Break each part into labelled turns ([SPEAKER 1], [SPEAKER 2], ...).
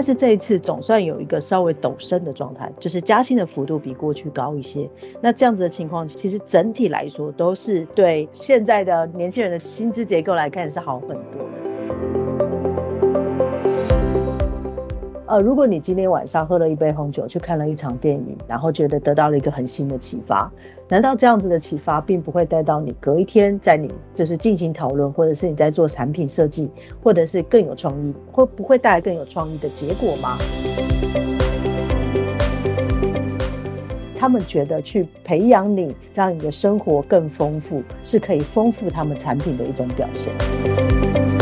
[SPEAKER 1] 但是這一次總算有一個稍微陡升的狀態，就是加薪的幅度比過去高一些。那這樣子的情況，其實整體來說都是對現在的年輕人的薪資結構來看是好很多的。呃，如果你今天晚上喝了一杯紅酒，去看了一場電影，然後覺得得到了一個很新的啟發，難道這樣子的啟發並不會帶到你隔一天在你就是進行討論，或者是你在做產品設計，或者是更有創意，會不會帶來更有創意的結果嗎？他們覺得去培養你，讓你的生活更豐富，是可以豐富他們產品的一種表現。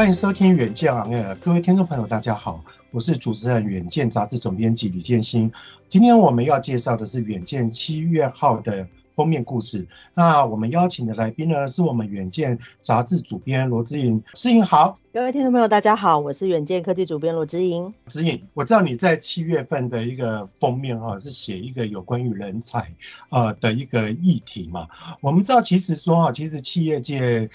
[SPEAKER 2] 歡迎收聽《遠見 on air》。各位聽眾朋友，大家好，我是主持人《遠見》雜誌總編輯李建興。今天我們要介紹的是《遠見》七月號的封面故事。那我們邀請的來賓呢，是我們《遠見》雜誌主編羅之盈。之盈好，
[SPEAKER 1] 各位聽眾朋友，大家好，我是《遠見》科
[SPEAKER 2] 技主編羅之盈。之盈，我知道你在七月份的一個封面哈、哦，是寫一個有關於人才呃的一個議題嘛？我們知道，其實說哈，其實企業界。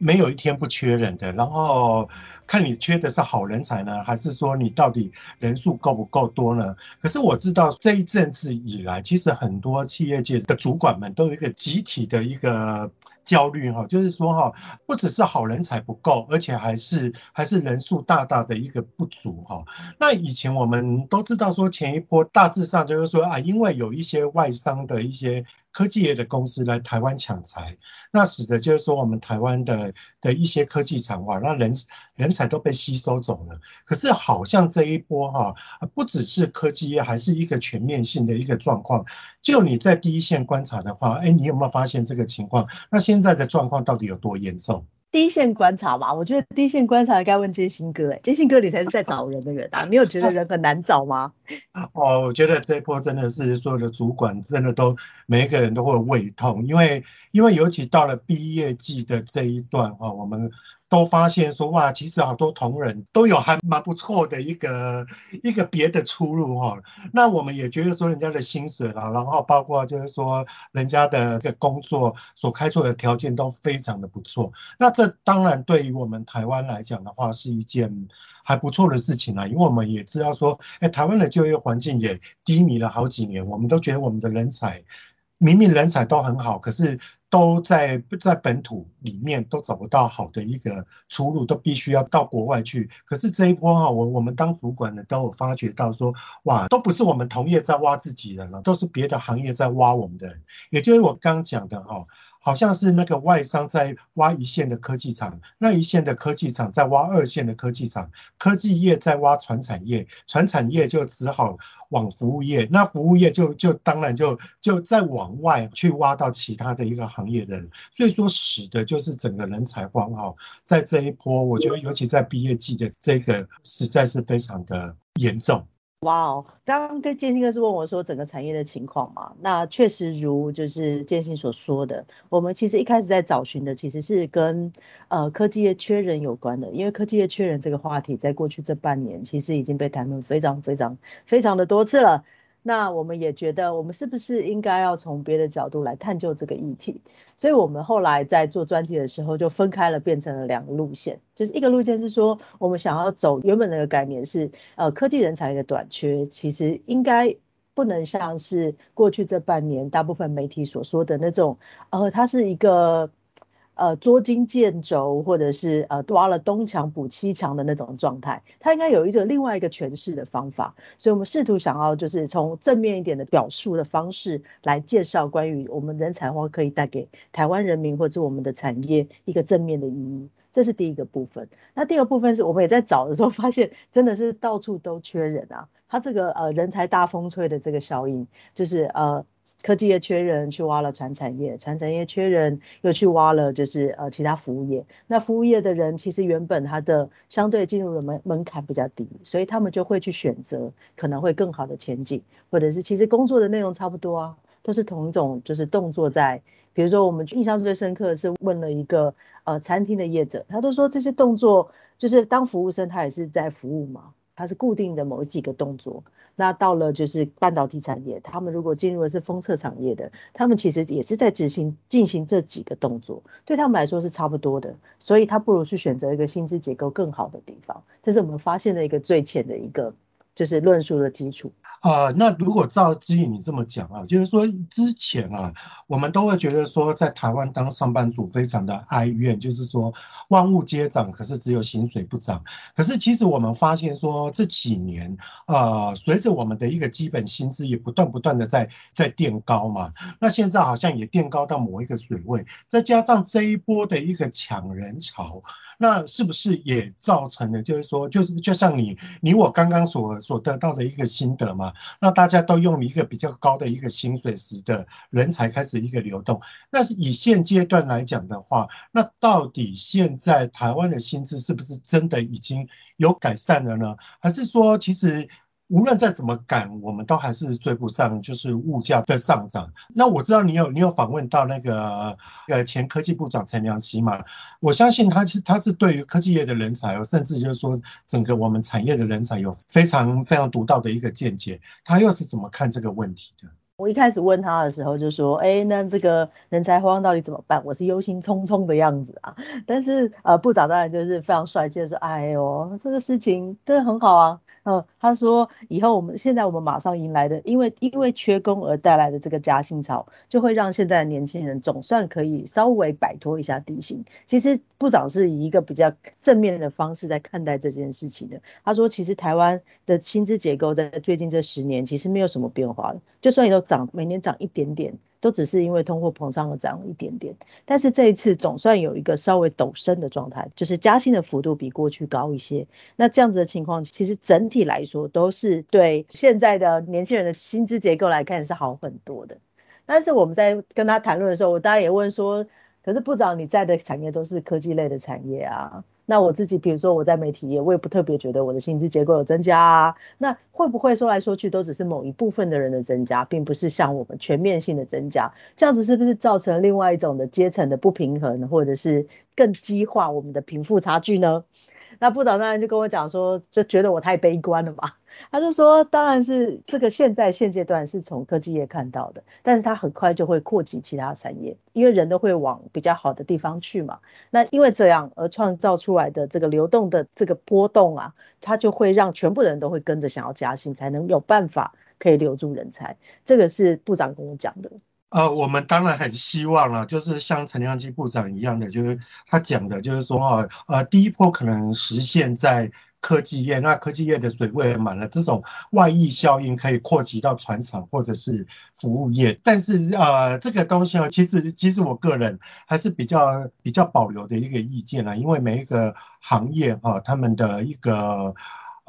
[SPEAKER 2] 沒有一天不缺人的，然後看你缺的是好人才呢，還是說你到底人數夠不夠多呢？可是我知道這一陣子以來，其實很多企業界的主管們都有一個集體的一個焦慮哈，就是說哈，不只是好人才不夠，而且還是還是人數大大的一個不足哈。那以前我們都知道說前一波大致上就是說啊，因為有一些外商的一些。科技業的公司來台灣搶才，那使得就是說我們台灣的的一些科技產業，那人人才都被吸收走了。可是好像這一波哈、啊，不只是科技業，還是一個全面性的一個狀況。就你在第一線觀察的話，哎、欸，你有沒有發現這個情況？那現在的狀況到底有多嚴重？
[SPEAKER 1] 第一線觀察吧，我覺得第一線觀察應該問建興哥、欸。哎，建興哥，你才是在找人的人啊！ 你有覺得人很難找嗎？
[SPEAKER 2] 啊、哦，我我覺得這一波真的是所有的主管真的都每一個人都會胃痛，因為因為尤其到了畢業季的這一段啊、哦，我們都發現說，哇，其實好多同仁都有還蠻不錯的一個一個別的出路哈、哦。那我們也覺得說人家的薪水啦、啊，然後包括就是說人家的這個工作所開出的條件都非常的不錯。那這當然對於我們台灣來講的話，是一件還不錯的事情啊，因為我們也知道說，哎，台灣的就業環境也低迷了好幾年，我們都覺得我們的人才明明人才都很好，可是都在在本土裡面都找不到好的一個出路，都必須要到國外去。可是這一波哈，啊，我我們當主管的都有發覺到說，哇，都不是我們同業在挖自己人了，都是別的行業在挖我們的人，也就是我剛講的哈，哦。好像是那個外商在挖一線的科技廠，那一線的科技廠在挖二線的科技廠，科技業在挖傳產業，傳產業就只好往服務業，那服務業就就當然就就再往外去挖到其他的一個行業人，所以說使得就是整個人才荒哈、哦，在這一波，我覺得尤其在畢業季的這個實在是非常的嚴重。
[SPEAKER 1] 哇哦，剛剛跟建興哥是問我說整個產業的情況嘛，那確實如就是建興所說的，我們其實一開始在找尋的其實是跟呃科技業缺人有關的，因為科技業缺人這個話題在過去這半年其實已經被談論非常非常非常的多次了。那我們也覺得，我們是不是應該要從別的角度來探究這個議題？所以，我們後來在做專題的時候，就分開了，變成了兩個路線。就是一個路線是說，我們想要走原本那個概念是，呃，科技人才的短缺，其實應該不能像是過去這半年大部分媒體所說的那種，呃，它是一個。呃，捉襟見肘，或者是呃，挖了東牆補西牆的那種狀態，它應該有一種另外一個詮釋的方法。所以，我們試圖想要就是從正面一點的表述的方式來介紹關於我們人才荒可以帶給臺灣人民或者我們的產業一個正面的意義。這是第一個部分，那第二部分是我們也在找的時候發現，真的是到處都缺人啊。它這個呃人才大風吹的這個效應，就是呃科技業缺人去挖了傳產業，傳產業缺人又去挖了就是呃其他服務業。那服務業的人其實原本他的相對進入的門門檻比較低，所以他們就會去選擇可能會更好的前景，或者是其實工作的內容差不多啊。都是同一種，就是動作在，比如說我們印象最深刻的是問了一個呃餐廳的業者，他都說這些動作就是當服務生，他也是在服務嘛，他是固定的某幾個動作。那到了就是半導體產業，他們如果進入的是封測產業的，他們其實也是在執行進行這幾個動作，對他們來說是差不多的，所以他不如去選擇一個薪資結構更好的地方。這是我們發現的一個最淺的一個。就是論述的基礎
[SPEAKER 2] 啊，那如果照之盈你這麼講啊，就是說之前啊，我們都會覺得說在台灣當上班族非常的哀怨，就是說萬物皆漲，可是只有薪水不漲。可是其實我們發現說這幾年啊、呃，隨着我們的一個基本薪資也不斷不斷的在在墊高嘛，那現在好像也墊高到某一個水位，再加上這一波的一個搶人潮，那是不是也造成了就是說就是就像，你你我剛剛所。所得到的一個心得嘛，那大家都用一個比較高的一個薪水，使得人才開始一個流動，那是以現階段來講的話，那到底現在台灣的薪資是不是真的已經有改善了呢？還是說其實？無論再怎麼趕，我們都還是追不上，就是物價的上漲。那我知道你有，你有訪問到那個呃前科技部長陳良基嘛？我相信他是，他是對於科技業的人才，甚至就是說整個我們產業的人才有非常非常獨到的一個見解。他又是怎麼看這個問題的？
[SPEAKER 1] 我一開始問他的時候就說：“哎，那這個人才荒到底怎麼辦？”我是憂心忡忡的樣子啊。但是呃，部長當然就是非常帥氣的說：“哎呦，這個事情真的很好啊。”嗯，他說以後我們現在我們馬上迎來的，因為因為缺工而帶來的這個加薪潮，就會讓現在的年輕人總算可以稍微擺脫一下低薪。其實部長是以一個比較正面的方式在看待這件事情的。他說，其實台灣的薪資結構在最近這十年其實沒有什麼變化的，就算有漲，每年漲一點點。都只是因為通貨膨脹了漲了一點點，但是這一次總算有一個稍微陡升的狀態，就是加薪的幅度比過去高一些。那這樣子的情況，其實整體來說都是對現在的年輕人的薪資結構來看是好很多的。但是我們在跟他談論的時候，我當然也問說，可是部長你在的產業都是科技類的產業啊。那我自己，比如說我在媒體業，我也不特別覺得我的薪資結構有增加啊。那會不會說來說去都只是某一部分的人的增加，並不是像我們全面性的增加，這樣子是不是造成另外一種的階層的不平衡，或者是更激化我們的貧富差距呢？那部長當然就跟我講說，就覺得我太悲觀了嘛。他就說，當然是這個現在現階段是從科技業看到的，但是他很快就會擴及其他產業，因為人都會往比較好的地方去嘛。那因為這樣而創造出來的這個流動的這個波動啊，它就會讓全部人都會跟着想要加薪，才能有辦法可以留住人才。這個是部長跟我講的。
[SPEAKER 2] 呃，我們當然很希望啊，就是像陳良基部長一樣的，就是他講的，就是說啊，呃，第一波可能實現在科技業，那科技業的水位滿了，這種外溢效應可以擴及到傳產或者是服務業，但是呃，這個東西啊，其實其實我個人還是比較比較保留的一個意見啊，因為每一個行業啊，他們的一個。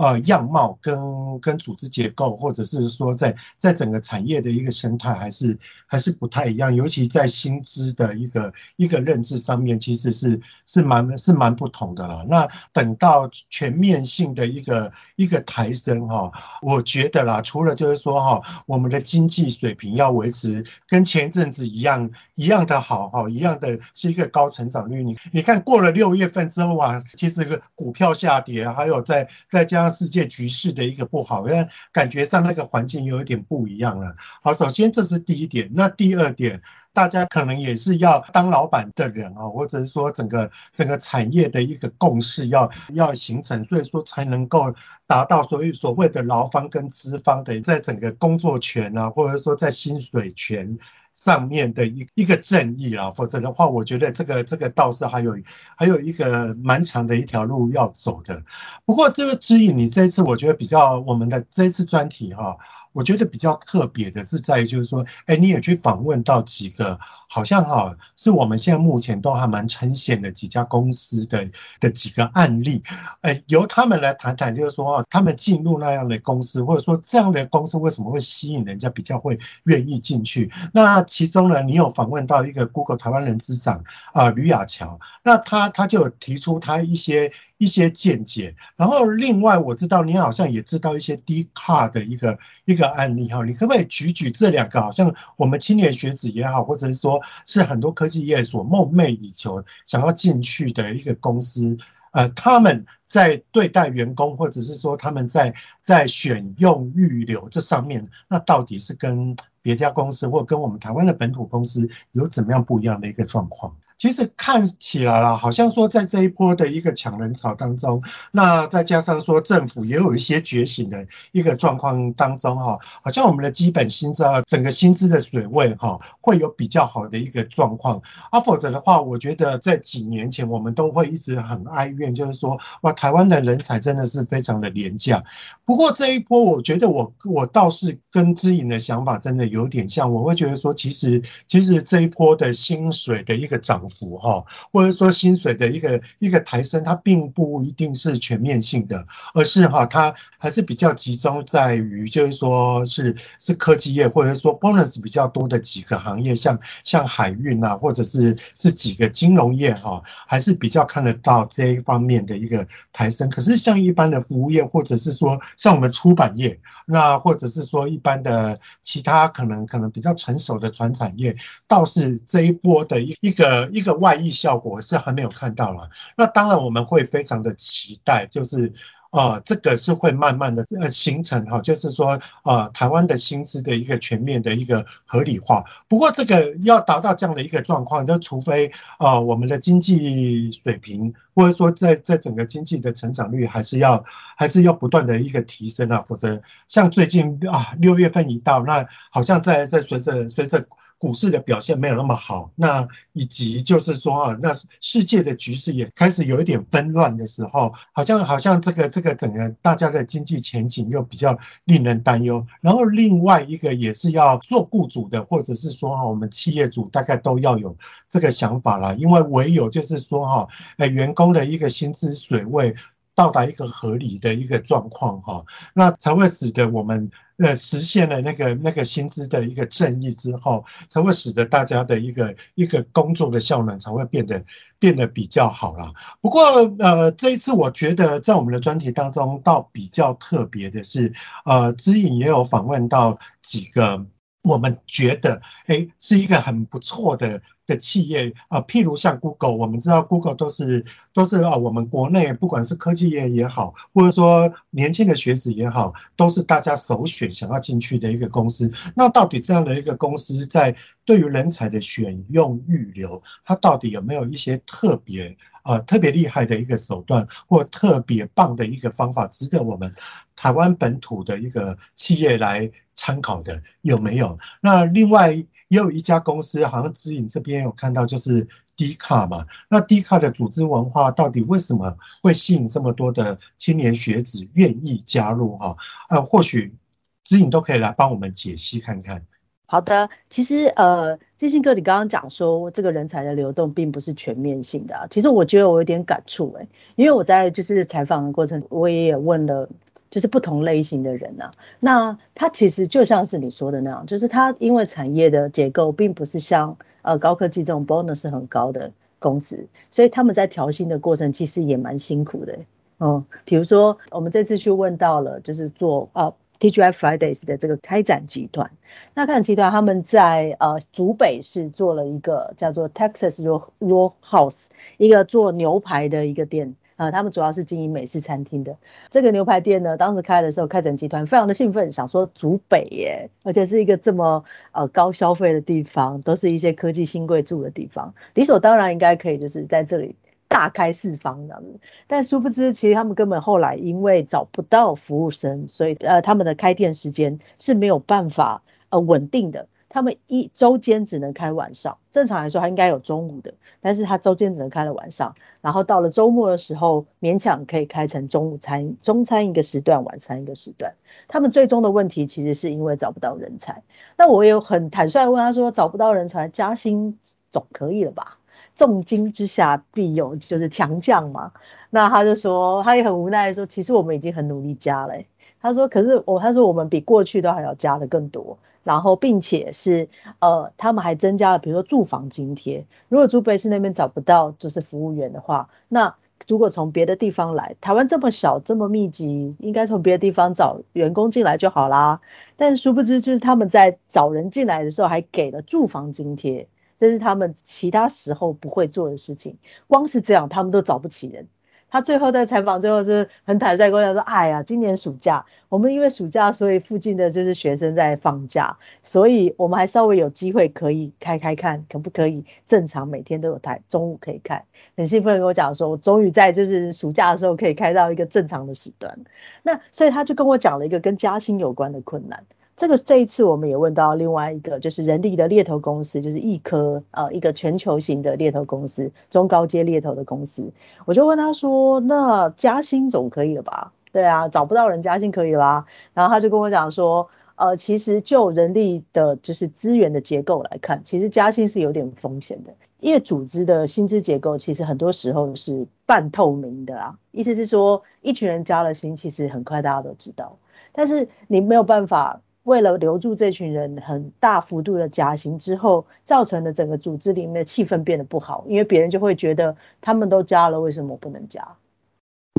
[SPEAKER 2] 呃，樣貌跟跟組織結構，或者是說在在整個產業的一個生態，還是還是不太一樣。尤其在薪資的一個一個認知上面，其實是是蠻是蠻不同的啦。那等到全面性的一個一個抬升哈，我覺得啦，除了就是說哈、啊，我們的經濟水平要維持跟前一陣子一樣一樣的好哈，一樣的是一個高成長率。你你看過了六月份之後啊，其實股票下跌，還有在再加上。世界局勢的一個不好，因為感覺上那個環境有一點不一樣了。好，首先這是第一點，那第二點。大家可能也是要當老闆的人啊，或者是說整個整個產業的一個共識，要要形成，所以說才能夠達到所謂所謂的勞方跟資方的在整個工作權啊，或者說在薪水權上面的一一個正義啊。否則的話，我覺得這個這個倒是還有還有一個蠻長的一條路要走的。不過這個指引你這一次我覺得比較我們的這次專題哈、啊。我覺得比較特別的是在於，就是說，誒、欸、你有去訪問到幾個好像哈，是我們現在目前都還蠻呈現的幾家公司的的幾個案例，呃、由他們來談談，就是說，他們進入那樣的公司，或者說這樣的公司為什麼會吸引人家比較會願意進去？那其中呢，你有訪問到一個 Google 台灣人之長啊、呃，呂雅喬，那他他就提出他一些。一些見解，然後另外我知道你好像也知道一些 Dcard 的一個一個案例哈，你可不可以舉舉這兩個？好像我們青年學子也好，或者是說是很多科技業所夢寐以求、想要進去的一個公司，呃，他們在對待員工，或者是說他們在在選用預留這上面，那到底是跟別家公司，或跟我們台灣的本土公司有怎麼樣不一樣的一個狀況？其實看起來啦，好像說在這一波的一個搶人潮當中，那再加上說政府也有一些覺醒的一個狀況當中哈，好像我們的基本薪資啊，整個薪資的水位哈、啊，會有比較好的一個狀況。啊，否則的話，我覺得在幾年前我們都會一直很哀怨，就是說哇，台灣的人才真的是非常的廉價。不過這一波，我覺得我我倒是跟之盈的想法真的有點像，我會覺得說，其實其實這一波的薪水的一個漲符號，或者說薪水的一個一個抬升，它並不一定是全面性的，而是哈，它還是比較集中在於就是說是是科技業，或者說 bonus 比較多的幾個行業，像像海運啊，或者是是幾個金融業哈、啊，還是比較看得到這一方面的一個抬升。可是像一般的服務業，或者是說像我們出版業，那或者是說一般的其他可能可能比較成熟的傳產業，倒是這一波的一一個一。這個外溢效果是還沒有看到了，那當然我們會非常的期待，就是呃，這個是會慢慢的呃形成哈、啊，就是說呃，台灣的薪資的一個全面的一個合理化。不過這個要達到這樣的一個狀況，就除非呃我們的經濟水平，或者說在在整個經濟的成長率，還是要還是要不斷的一個提升啊，否則像最近啊六月份一到，那好像在在隨着隨着。股市的表現沒有那麼好，那以及就是說、啊、那世界的局勢也開始有一點紛亂的時候，好像好像這個這個整個大家的經濟前景又比較令人擔憂。然後另外一個也是要做雇主的，或者是說哈、啊，我們企業主大概都要有這個想法啦，因為唯有就是說哈、啊，哎、呃，員工的一個薪資水位。到達一個合理的一個狀況哈，那才會使得我們呃實現了那個那個薪資的一個正義之後，才會使得大家的一個一個工作的效能才會變得變得比較好啦。不過呃，這一次我覺得在我們的專題當中倒比較特別的是，呃，之盈也有訪問到幾個。我們覺得，誒，是一個很不錯的的企業啊。譬如像 Google，我們知道 Google 都是都是啊，我們國內不管是科技業也好，或者說年輕的學子也好，都是大家首選想要進去的一個公司。那到底這樣的一個公司在對於人才的選用預留，它到底有沒有一些特別啊，特別厲害的一個手段，或特別棒的一個方法，值得我們台灣本土的一個企業來？參考的有沒有？那另外也有一家公司，好像知影這邊有看到，就是 d 卡嘛。那 d 卡的組織文化到底為什麼會吸引這麼多的青年學子願意加入、啊？哈，呃，或許知影都可以來幫我們解析看看。好的，
[SPEAKER 1] 其實呃，知信哥你剛剛講，你剛剛講說這個人才的流動並不是全面性的、啊，其實我覺得我有點感觸哎、欸，因為我在就是採訪的過程，我也，也問了。就是不同類型的人吶、啊，那他其實就像是你說的那樣，就是他因為產業的結構並不是像呃高科技這種 bonus 很高的公司，所以他們在調薪的過程其實也蠻辛苦的、欸。嗯，比如說我們這次去問到了，就是做呃、啊、TGI Fridays 的這個開展集團，那開展集團他們在呃竹北市做了一個叫做 Texas Roadhouse，一個做牛排的一個店。啊、呃，他們主要是經營美式餐廳的。這個牛排店呢，當時開的時候，開展集團非常的興奮，想說竹北耶，而且是一個這麼呃高消費的地方，都是一些科技新貴住的地方，理所當然應該可以就是在這裡大開四方的。但殊不知，其實他們根本後來因為找不到服務生，所以呃他們的開店時間是沒有辦法呃穩定的。他們一周間只能開晚上，正常來說他應該有中午的，但是他周間只能開了晚上，然後到了周末的時候勉強可以開成中午餐、中餐一個時段，晚餐一個時段。他們最終的問題其實是因為找不到人才。那我也有很坦率地問他說，找不到人才，加薪總可以了吧？重金之下必有就是強將嘛。那他就說，他也很無奈的說，其實我們已經很努力加了欸。他說：“可是我，哦，他說我們比過去都還要加的更多，然後並且是呃，他們還增加了，比如說住房津貼。如果竹北市那邊找不到就是服務員的話，那如果從別的地方來，台灣這麼小這麼密集，應該從別的地方找員工進來就好啦。但殊不知，就是他們在找人進來的時候還給了住房津貼，這是他們其他時候不會做的事情。光是這樣，他們都找不起人。”他最後在採訪最後是很坦率，跟我講說：“哎呀，今年暑假我們因為暑假，所以附近的就是學生在放假，所以我們還稍微有機會可以開開看，可不可以正常每天都有台中午可以開。很興奮跟我講說，我終於在就是暑假的時候可以開到一個正常的時段。那所以他就跟我講了一個跟加薪有關的困難。”這個這一次我們也問到另外一個，就是人力的獵頭公司，就是易科啊，呃，一個全球型的獵頭公司，中高階獵頭的公司。我就問他說：“那加薪總可以了吧？”對啊，找不到人加薪可以啦。然後他就跟我講說：“呃，其實就人力的，就是資源的結構來看，其實加薪是有點風險的，因為組織的薪資結構其實很多時候是半透明的啊。意思是說，一群人加了薪，其實很快大家都知道，但是你沒有辦法。”為了留住這群人，很大幅度的加薪之後，造成的整個組織裡面的氣氛變得不好，因為別人就會覺得他們都加了，為什麼不能加？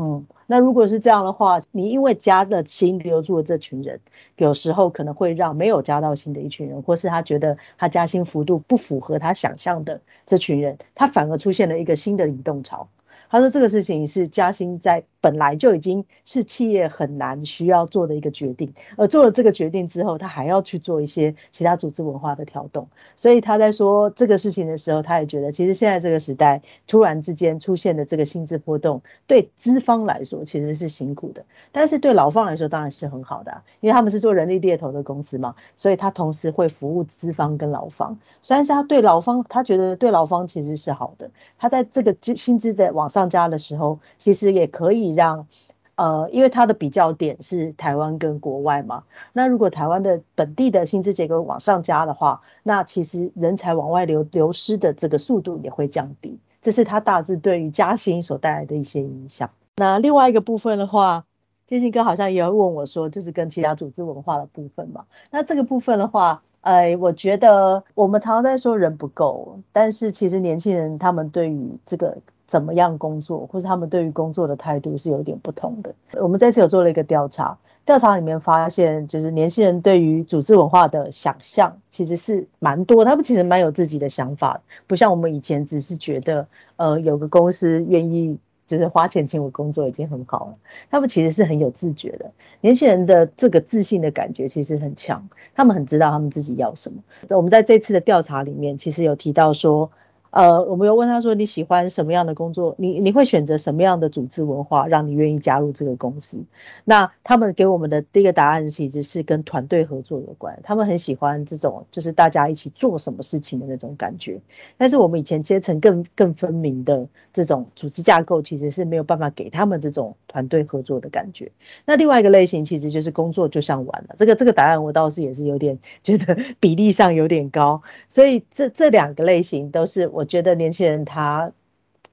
[SPEAKER 1] 嗯，那如果是這樣的話，你因為加了薪留住了這群人，有時候可能會讓沒有加到薪的一群人，或是他覺得他加薪幅度不符合他想象的這群人，他反而出現了一個新的流動潮。他說這個事情是加薪，在本來就已經是企業很難需要做的一個決定，而做了這個決定之後，他還要去做一些其他組織文化的調動。所以他在說這個事情的時候，他也覺得其實現在這個時代突然之間出現的這個薪資波動，對資方來說其實是辛苦的，但是對勞方來說當然是很好的啊，因為他們是做人力獵頭的公司嘛，所以他同時會服務資方跟勞方。雖然是他對勞方，他覺得對勞方其實是好的，他在這個薪薪資在往上，上加的時候，其實也可以讓，呃，因為它的比較點是台灣跟國外嘛。那如果台灣的本地的薪資結構往上加的話，那其實人才往外流流失的這個速度也會降低。這是它大致對於加薪所帶來的一些影響。那另外一個部分的話，建興哥好像也有問我說，就是跟其他組織文化的部分嘛。那這個部分的話，哎、呃，我覺得我們常常在說人不夠，但是其實年輕人他們對於這個。怎麼樣工作，或是他們對於工作的態度是有點不同的。我們這次有做了一個調查，調查裡面發現，就是年輕人對於組織文化的想象其實是蠻多，他們其實蠻有自己的想法的，不像我們以前只是覺得，呃，有個公司願意就是花錢請我工作已經很好了。他們其實是很有自覺的，年輕人的這個自信的感覺其實很強，他們很知道他們自己要什麼。我們在這次的調查裡面，其實有提到說。呃，我們又問他說，你喜歡什麼樣的工作？你你會選擇什麼樣的組織文化讓你願意加入這個公司？那他們給我們的第一個答案其實是跟團隊合作有關，他們很喜歡這種就是大家一起做什麼事情的那種感覺。但是我們以前階層更更分明的這種組織架構，其實是沒有辦法給他們這種團隊合作的感覺。那另外一個類型其實就是工作就像玩了，這個這個答案我倒是也是有點覺得比例上有點高，所以這這兩個類型都是我。我覺得年輕人他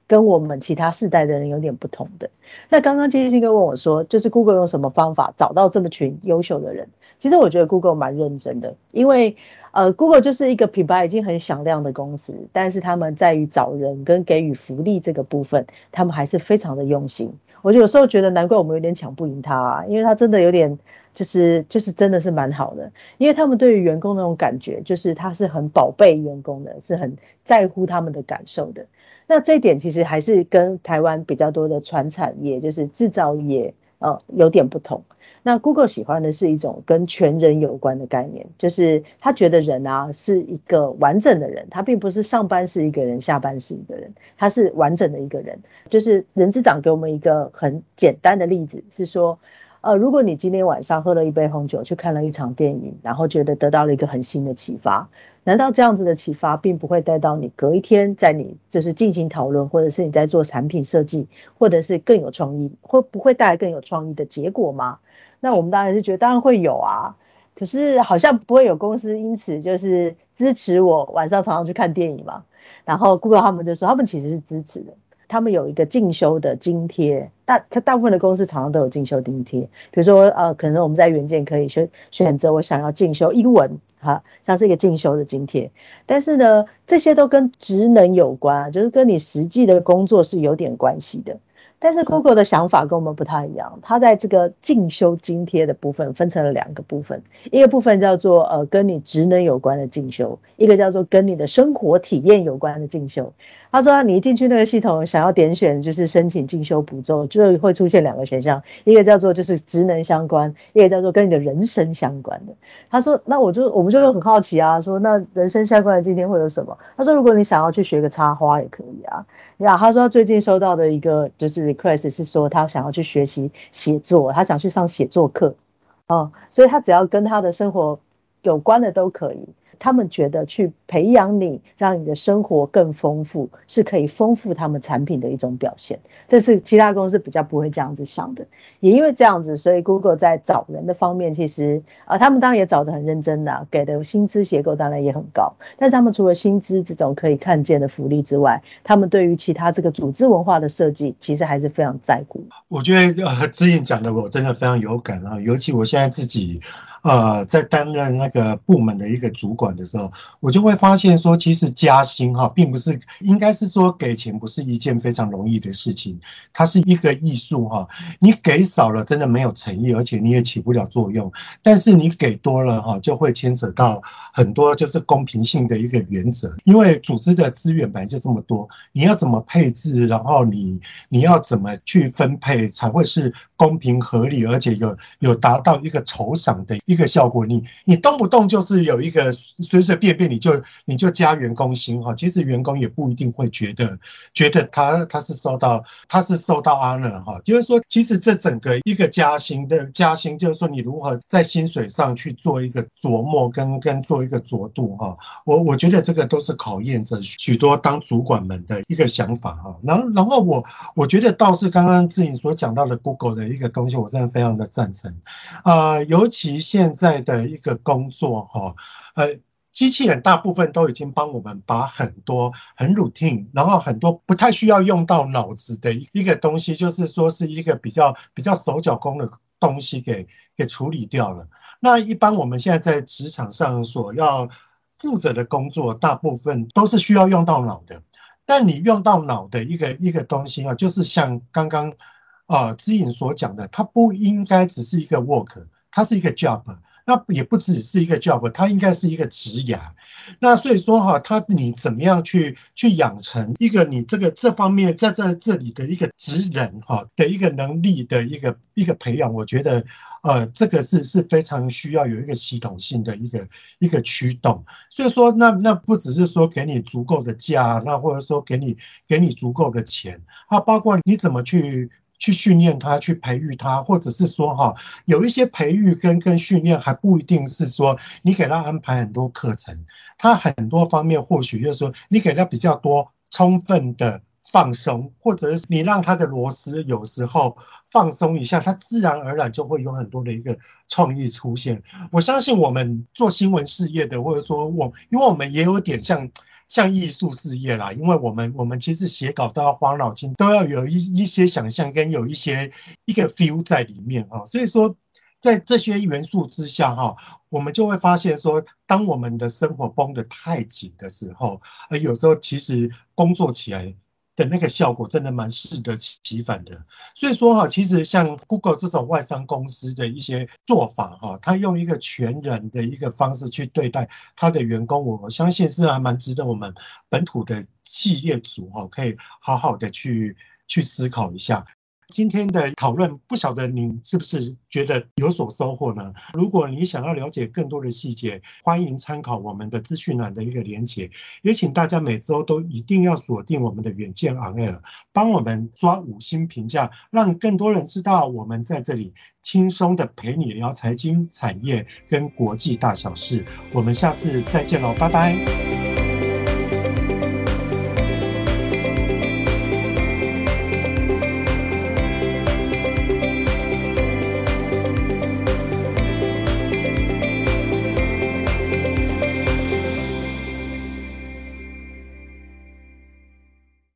[SPEAKER 1] 跟我們其他世代的人有點不同的。那剛剛建興哥問我說，就是 Google 用什麼方法找到這麼群優秀的人？其實我覺得 Google 蠻認真的，因為呃，Google 就是一個品牌已經很響亮的公司，但是他們在於找人跟給予福利這個部分，他們還是非常的用心。我就有時候覺得，難怪我們有點搶不贏他啊，因為他真的有點，就是就是真的是蠻好的，因為他們對於員工那種感覺，就是他是很寶貝員工的，是很在乎他們的感受的。那這一點其實還是跟台灣比較多的傳產業，就是制造業。呃，有點不同。那 Google 喜歡的是一種跟全人有關的概念，就是他覺得人啊是一個完整的人，他並不是上班是一個人，下班是一個人，他是完整的一個人。就是人資長給我們一個很簡單的例子，是說。呃，如果你今天晚上喝了一杯紅酒，去看了一場電影，然後覺得得到了一個很新的啟發，難道這樣子的啟發並不會帶到你隔一天在你就是進行討論，或者是你在做產品設計，或者是更有創意，會不會帶來更有創意的結果嗎？那我們當然是覺得當然會有啊，可是好像不會有公司因此就是支持我晚上常常去看電影嘛。然後 Google 他們就說，他們其實是支持的。他們有一個進修的津貼，大他大部分的公司常常都有進修津貼，比如說呃，可能我們在原件，可以選選擇我想要進修英文，哈、啊，像是一個進修的津貼，但是呢，這些都跟職能有關，就是跟你實際的工作是有點關係的。但是 Google 的想法跟我們不太一樣，他在這個進修津貼的部分分成了兩個部分，一個部分叫做呃跟你職能有關的進修，一個叫做跟你的生活體驗有關的進修。他說啊，你一進去那個系統，想要點選就是申請進修補助，就會出現兩個選項，一個叫做就是職能相關，一個叫做跟你的人生相關的。他說那我就我們就很好奇啊，說那人生相關的津貼會有什麼？他說如果你想要去學個插花也可以啊。呀，yeah，他說他最近收到的一個就是 request 是說他想要去學習寫作，他想去上寫作課，啊，嗯，所以他只要跟他的生活有關的都可以。他們覺得去培養你，讓你的生活更豐富，是可以豐富他們產品的一種表現。這是其他公司比較不會這樣子想的。也因為這樣子，所以 Google 在找人的方面，其實啊、呃，他們當然也找得很認真吶、啊，給的薪資結構當然也很高。但是他們除了薪資這種可以看見的福利之外，他們對於其他這個組織文化的設計，其實還是非常在乎。
[SPEAKER 2] 我覺得呃，之盈講的我真的非常有感啊，尤其我現在自己。呃，在擔任那個部門的一個主管的時候，我就會發現說，其實加薪哈、啊，並不是應該是說給錢不是一件非常容易的事情，它是一個藝術哈、啊。你給少了，真的沒有誠意，而且你也起不了作用。但是你給多了哈、啊，就會牽扯到很多就是公平性的一個原則，因為組織的資源本來就這麼多，你要怎麼配置，然後你你要怎麼去分配，才會是。公平合理，而且有有達到一個酬賞的一個效果。你你動不動就是有一個隨隨便便你就你就加員工薪，哈，其實員工也不一定會覺得覺得他他是受到他是受到安樂 n 哈。就是說，其實這整個一個加薪的加薪，就是說你如何在薪水上去做一個琢磨跟跟做一個酌度哈。我我覺得這個都是考驗着許多當主管們的一個想法哈。然後然後我我覺得倒是剛剛之盈所講到的 Google 的。一個東西，我真的非常的贊成，呃，尤其現在的一個工作哈，呃，機器人大部分都已經幫我們把很多很 routine，然後很多不太需要用到腦子的一個東西，就是說是一個比較比較手腳工的東西給，給給處理掉了。那一般我們現在在職場上所要負責的工作，大部分都是需要用到腦的。但你用到腦的一個一個東西啊，就是像剛剛。啊、呃，之盈所講的，它不應該只是一個 work，它是一個 job，那也不只是一個 job，它應該是一個職涯。那所以說哈、啊，它你怎麼樣去去養成一個你這個這方面在這這裡的一個職人哈、啊、的一個能力的一個一個培養，我覺得呃，這個是是非常需要有一個系統性的一個一個驅動。所以說那，那那不只是說給你足夠的家，那或者說給你給你足夠的錢，它、啊、包括你怎麼去。去訓練他，去培育他，或者是說哈、哦，有一些培育跟跟訓練還不一定是說你給他安排很多課程，他很多方面或許就是說你給他比較多充分的放鬆，或者是你讓他的螺絲有時候放鬆一下，他自然而然就會有很多的一個創意出現。我相信我們做新聞事業的，或者說我，因為我們也有點像。像藝術事業啦，因為我們我們其實寫稿都要花腦筋，都要有一一些想象跟有一些一個 feel 在裡面啊，所以說在這些元素之下哈、啊，我們就會發現說，當我們的生活繃得太緊的時候，呃，有時候其實工作起來。的那個效果真的蠻適得其反的，所以說哈、啊，其實像 Google 這種外商公司的一些做法哈、啊，他用一個全人的一個方式去對待他的員工，我相信是還蠻值得我們本土的企業主哈、啊，可以好好的去去思考一下。今天的討論，不曉得你是不是覺得有所收穫呢？如果你想要了解更多的細節，歡迎參考我們的資訊欄的一個連結。也請大家每周都一定要鎖定我們的遠見 on air，幫我們抓五星評價，讓更多人知道我們在這裡輕鬆的陪你聊財經、產業跟國際大小事。我們下次再見嘍，拜拜。